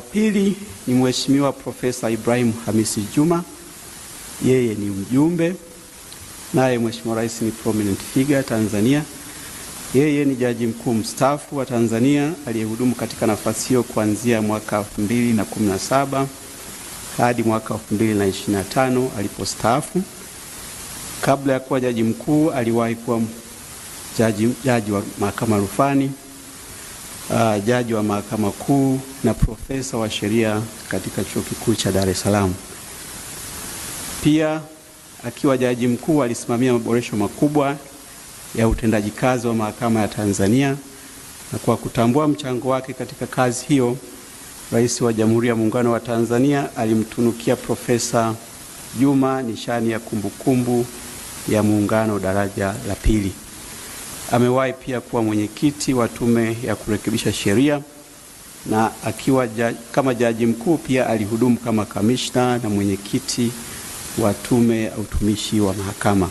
wa pili ni Mheshimiwa Profesa Ibrahim Hamisi Juma, yeye ni mjumbe, naye Mheshimiwa Rais ni prominent figure Tanzania. Yeye ni jaji mkuu mstaafu wa Tanzania aliyehudumu katika nafasi hiyo kuanzia mwaka 2017 hadi mwaka 2025 alipostaafu. Kabla ya kuwa jaji mkuu, aliwahi kuwa jaji, jaji wa mahakama rufani uh, jaji wa mahakama kuu na profesa wa sheria katika chuo kikuu cha Dar es Salaam. Pia akiwa jaji mkuu alisimamia maboresho makubwa ya utendaji kazi wa mahakama ya Tanzania, na kwa kutambua mchango wake katika kazi hiyo, Rais wa Jamhuri ya Muungano wa Tanzania alimtunukia Profesa Juma nishani ya kumbukumbu kumbu ya Muungano daraja la pili. Amewahi pia kuwa mwenyekiti wa tume ya kurekebisha sheria na akiwa jaji, kama jaji mkuu pia alihudumu kama kamishna na mwenyekiti wa tume ya utumishi wa mahakama.